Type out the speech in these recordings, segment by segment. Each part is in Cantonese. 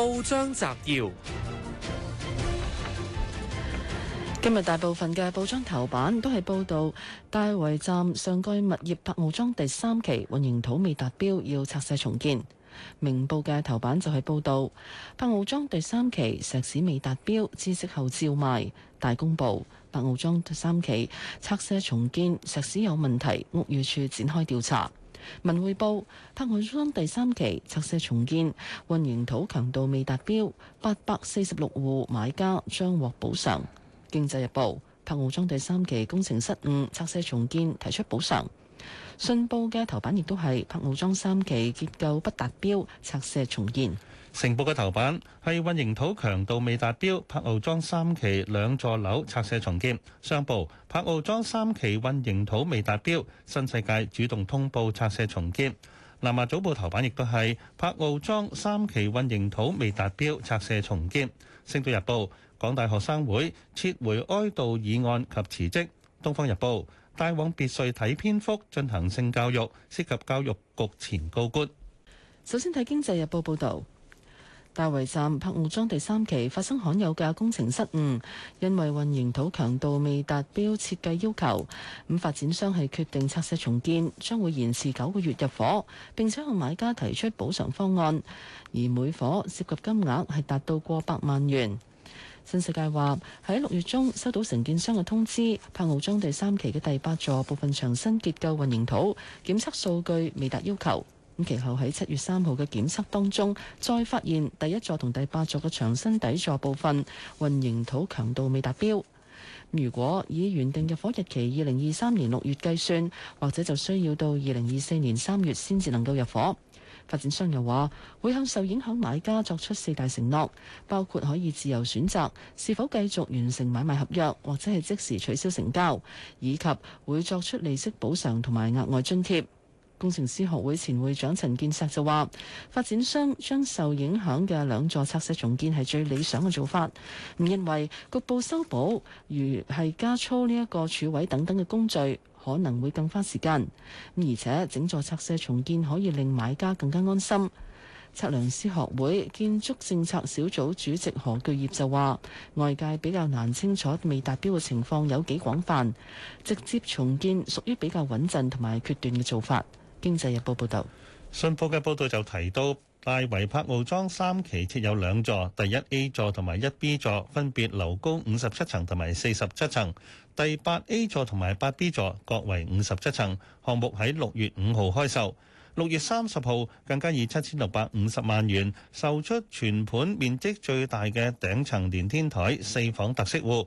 報章摘要：今日大部分嘅報章頭版都係報道大圍站上蓋物業柏傲莊第三期混凝土未達標，要拆卸重建。明報嘅頭版就係報道柏傲莊第三期石屎未達標，知識後照賣，大公報柏傲莊第三期拆卸重建石屎有問題，屋宇署展開調查。文匯報：柏傲莊第三期拆卸重建，混凝土強度未達標，八百四十六戶買家將獲補償。經濟日報：柏傲莊第三期工程失誤，拆卸重建提出補償。信報嘅頭版亦都係柏傲莊三期結構不達標，拆卸重建。成報嘅頭版係運營土強度未達標，柏傲莊三期兩座樓拆卸重建。商報，柏傲莊三期運營土未達標，新世界主動通報拆卸重建。南華早報頭版亦都係柏傲莊三期運營土未達標，拆卸重建。星島日報，港大學生會撤回哀悼議案及辭職。東方日報，帶往別墅睇篇幅進行性教育，涉及教育局前高官。首先睇經濟日報報導。大圍站柏傲莊第三期發生罕有嘅工程失誤，因為混凝土強度未達標設計要求，咁發展商係決定拆卸重建，將會延遲九個月入伙，並且向買家提出補償方案，而每伙涉及金額係達到過百萬元。新世界話喺六月中收到承建商嘅通知，柏傲莊第三期嘅第八座部分牆身結構混凝土檢測數據未達要求。咁其後喺七月三號嘅檢測當中，再發現第一座同第八座嘅牆身底座部分混凝土強度未達標。如果以原定入伙日期二零二三年六月計算，或者就需要到二零二四年三月先至能夠入伙。發展商又話會向受影響買家作出四大承諾，包括可以自由選擇是否繼續完成買賣合約，或者係即時取消成交，以及會作出利息補償同埋額外津貼。工程師學會前會長陳建碩就話，發展商將受影響嘅兩座拆卸重建係最理想嘅做法。唔認為局部修補，如係加粗呢一個柱位等等嘅工序，可能會更花時間。而且整座拆卸重建可以令買家更加安心。測量師學會建築政策小組主席何巨業就話，外界比較難清楚未達標嘅情況有幾廣泛，直接重建屬於比較穩陣同埋決斷嘅做法。經濟日報報道，信報嘅報道就提到，大圍柏傲莊三期設有兩座，第一 A 座同埋一 B 座，分別樓高五十七層同埋四十七層；第八 A 座同埋八 B 座各為五十七層。項目喺六月五號開售，六月三十號更加以七千六百五十萬元售出全盤面積最大嘅頂層連天台四房特色戶。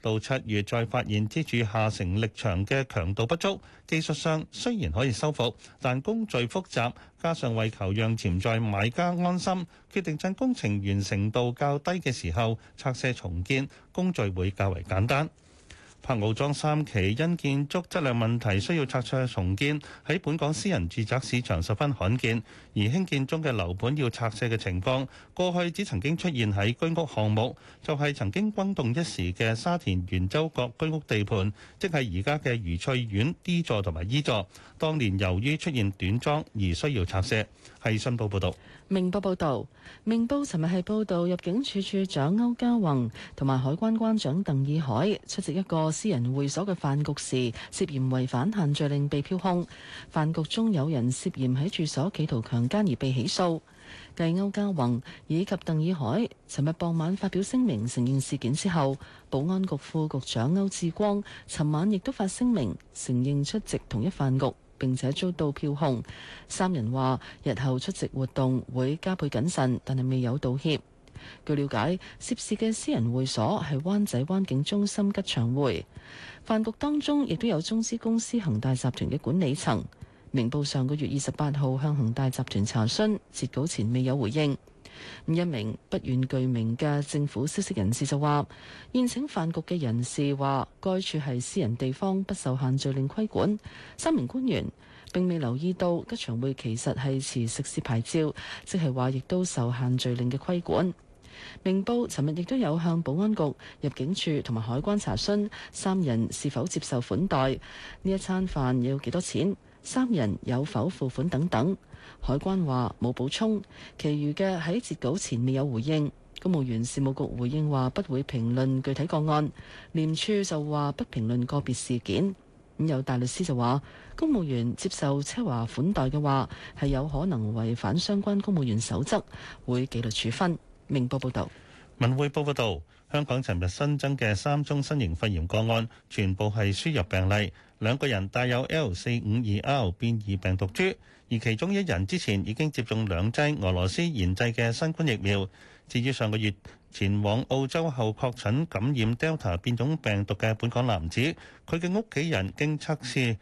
到七月再發現支柱下承力牆嘅強度不足，技術上雖然可以修復，但工序複雜，加上為求讓潛在買家安心，決定趁工程完成度較低嘅時候拆卸重建，工序會較為簡單。柏傲莊三期因建築質量問題需要拆卸重建，喺本港私人住宅市場十分罕見，而興建中嘅樓盤要拆卸嘅情況，過去只曾經出現喺居屋項目，就係、是、曾經轟動一時嘅沙田圓洲角居屋地盤，即係而家嘅愉翠苑 D 座同埋 E 座，當年由於出現短樁而需要拆卸。明報報《明報》報導，《明報》尋日係報導入境處處長歐家宏同埋海關關長鄧以海出席一個私人會所嘅飯局時，涉嫌違反限聚令被票控。飯局中有人涉嫌喺住所企圖強姦而被起訴。繼歐家宏以及鄧以海尋日傍晚發表聲明承認事件之後，保安局副局長歐志光尋晚亦都發聲明承認出席同一飯局。並且遭到票控，三人話：日後出席活動會加倍謹慎，但係未有道歉。據了解，涉事嘅私人會所係灣仔灣景中心吉祥會。飯局當中亦都有中資公司恒大集團嘅管理層。明報上個月二十八號向恒大集團查詢，截稿前未有回應。一名不願具名嘅政府消息人士就話：宴請飯局嘅人士話，該處係私人地方，不受限聚令規管。三名官員並未留意到吉祥會其實係持食肆牌照，即係話亦都受限聚令嘅規管。明報尋日亦都有向保安局、入境處同埋海關查詢三人是否接受款待，呢一餐飯要幾多錢？三人有否付款等等，海關話冇補充，其餘嘅喺截稿前未有回應。公務員事務局回應話不會評論具體個案，廉署就話不評論個別事件。咁有大律師就話，公務員接受奢華款待嘅話，係有可能違反相關公務員守則，會紀律處分。明報報道，文匯報報道，香港尋日新增嘅三宗新型肺炎個案，全部係輸入病例。兩個人帶有 L 四五二 R 變異病毒株，而其中一人之前已經接種兩劑俄羅斯研製嘅新冠疫苗。至於上個月前往澳洲後確診感染 Delta 變種病毒嘅本港男子，佢嘅屋企人經測試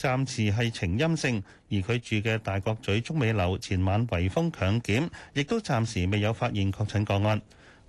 暫時係呈陰性，而佢住嘅大角咀中美樓前晚圍封強檢，亦都暫時未有發現確診個案。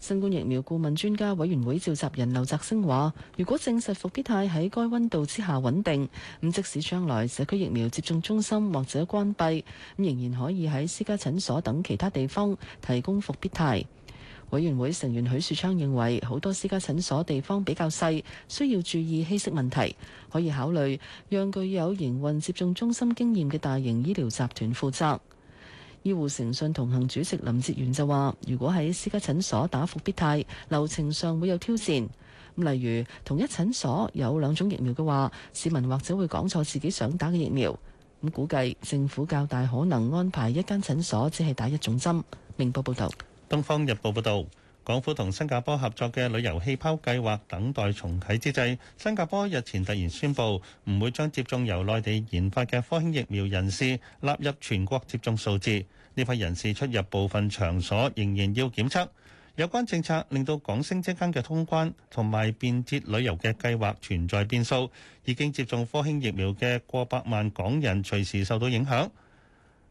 新冠疫苗顧問專家委員會召集人劉澤星話，如果證實復必泰喺該溫度之下穩定，咁即使將來社區疫苗接種中心或者關閉，咁仍然可以喺私家診所等其他地方提供復必泰。委員會成員許樹昌認為好多私家診所地方比較細，需要注意稀釋問題，可以考慮讓具有營運接種中心經驗嘅大型醫療集團負責。醫護誠信同行主席林哲元就話，如果喺私家診所打復必泰，流程上會有挑戰。例如同一診所有兩種疫苗嘅話，市民或者會講錯自己想打嘅疫苗。咁估計政府較大可能安排一間診所只係打一種針。明報報道。東方日報報道。港府同新加坡合作嘅旅遊氣泡計劃等待重啟之際，新加坡日前突然宣布唔會將接種由內地研發嘅科興疫苗人士納入全國接種數字，呢批人士出入部分場所仍然要檢測。有關政策令到港星之間嘅通關同埋便捷旅遊嘅計劃存在變數，已經接種科興疫苗嘅過百萬港人隨時受到影響。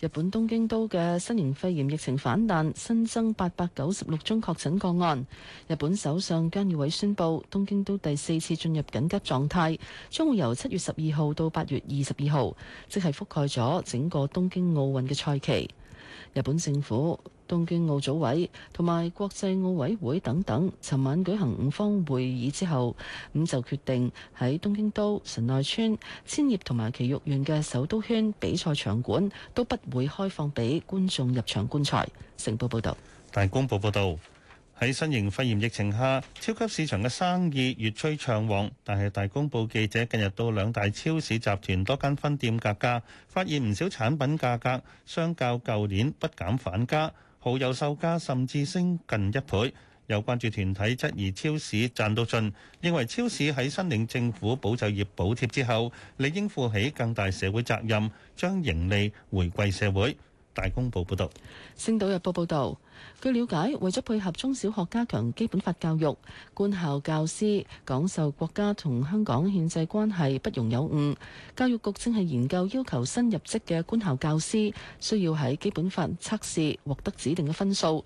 日本東京都嘅新型肺炎疫情反彈，新增八百九十六宗確診個案。日本首相菅義偉宣布，東京都第四次進入緊急狀態，將會由七月十二號到八月二十二號，即係覆蓋咗整個東京奧運嘅賽期。日本政府。東京奧組委同埋國際奧委會等等，尋晚舉行五方會議之後，咁就決定喺東京都、神奈川、千葉同埋埼玉縣嘅首都圈比賽場館都不會開放俾觀眾入場觀賽。成報報道。大公報報道，喺新型肺炎疫情下，超級市場嘅生意越趨暢旺，但係大公報記者近日到兩大超市集團多間分店格價，發現唔少產品價格相較舊年不減反加。蠔油售價甚至升近一倍，有關注團體質疑超市賺到盡，認為超市喺申領政府保就業補貼之後，理應負起更大社會責任，將盈利回饋社會。大公報報道。《星島日報》報道。據了解，為咗配合中小學加強基本法教育，官校教師講授國家同香港憲制關係不容有誤，教育局正係研究要求新入職嘅官校教師需要喺基本法測試獲得指定嘅分數，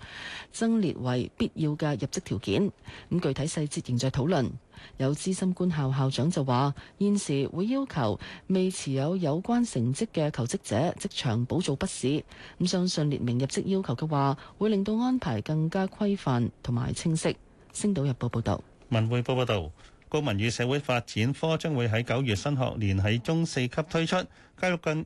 增列為必要嘅入職條件。咁具體細節仍在討論。有資深官校校長就話，現時會要求未持有有關成績嘅求職者，即場補做筆試。咁相信列明入職要求嘅話，會令到。安排更加規範同埋清晰。星島日報報道，文匯報報道，國民與社會發展科將會喺九月新學年喺中四級推出。教育界。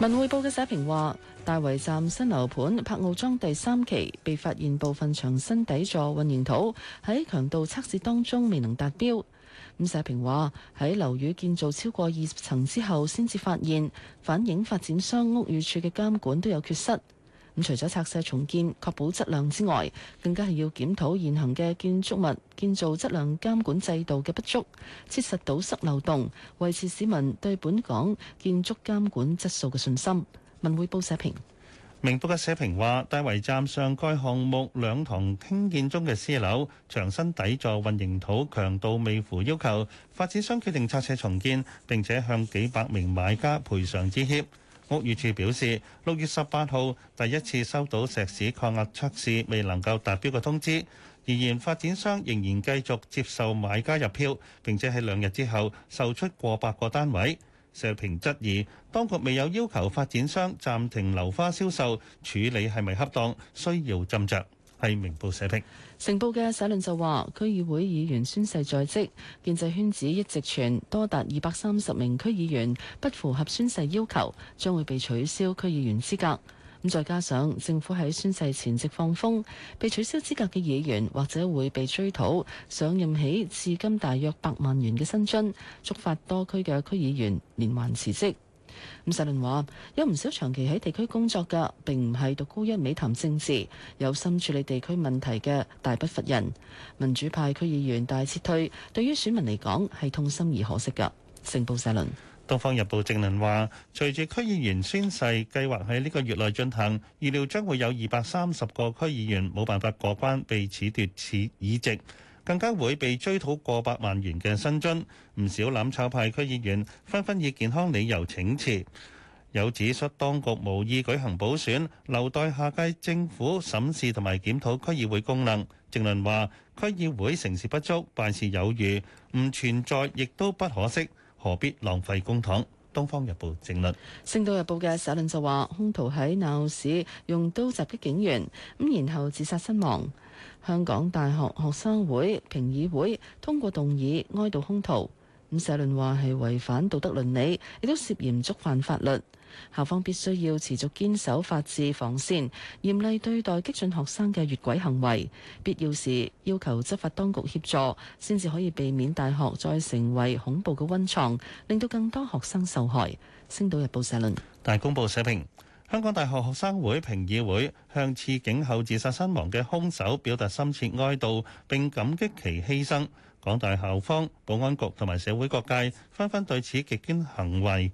文匯報嘅社評話：大圍站新樓盤柏傲莊第三期，被發現部分牆身底座混凝土喺強度測試當中未能達標。咁社評話喺樓宇建造超過二十層之後，先至發現，反映發展商屋宇處嘅監管都有缺失。除咗拆卸重建、確保質量之外，更加係要檢討現行嘅建築物建造質量監管制度嘅不足，切實堵塞漏洞，維持市民對本港建築監管質素嘅信心。文匯報社評。明報嘅社評話：大圍站上該項目兩幢興建中嘅私樓，牆身底座混凝土強度未符要求，發展商決定拆卸重建，並且向幾百名買家賠償致歉。屋宇署表示，六月十八號第一次收到石屎抗壓測試未能夠達標嘅通知，然而發展商仍然繼續接受買家入票，並且喺兩日之後售出過百個單位。社評質疑，當局未有要求發展商暫停樓花銷售，處理係咪恰當，需要斟酌。係明報社評，成報嘅社論就話區議會議員宣誓在即，建制圈子一直傳多達二百三十名區議員不符合宣誓要求，將會被取消區議員資格。咁再加上政府喺宣誓前夕放風，被取消資格嘅議員或者會被追討上任起至今大約百萬元嘅薪津，觸發多區嘅區議員連環辭職。伍世麟話：有唔少長期喺地區工作嘅，並唔係讀高一美談政治，有心處理地區問題嘅，大不乏人。民主派區議員大撤退，對於選民嚟講係痛心而可惜嘅。成報社論。《東方日報》正論話，隨住區議員宣誓計劃喺呢個月內進行，預料將會有二百三十個區議員冇辦法過關，被褫奪此議席。更加會被追討過百萬元嘅薪津，唔少攬炒派區議員紛紛以健康理由請辭，有指出當局無意舉行補選，留待下屆政府審視同埋檢討區議會功能。政論話區議會成事不足，敗事有餘，唔存在亦都不可惜，何必浪費公帑？《東方日報》政論，《星島日報》嘅社論就話：兇徒喺鬧市用刀襲擊警員，咁然後自殺身亡。香港大學學生會評議會通過動議哀悼兇徒，咁社論話，係違反道德倫理，亦都涉嫌觸犯法律。校方必須要持續堅守法治防線，嚴厲對待激進學生嘅越軌行為，必要時要求執法當局協助，先至可以避免大學再成為恐怖嘅溫床，令到更多學生受害。星島日報社論，大公報社評。香港大學學生會評議會向刺警後自殺身亡嘅兇手表達深切哀悼，並感激其犧牲。港大校方、保安局同埋社會各界紛紛對此極端行為、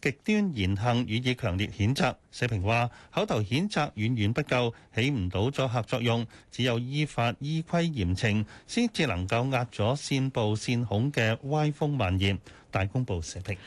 極端言行予以強烈譴責。社評話：口頭譴責遠遠不夠，起唔到阻嚇作用，只有依法依規嚴懲，先至能夠遏止煽暴煽恐嘅歪風蔓延。大公報社評。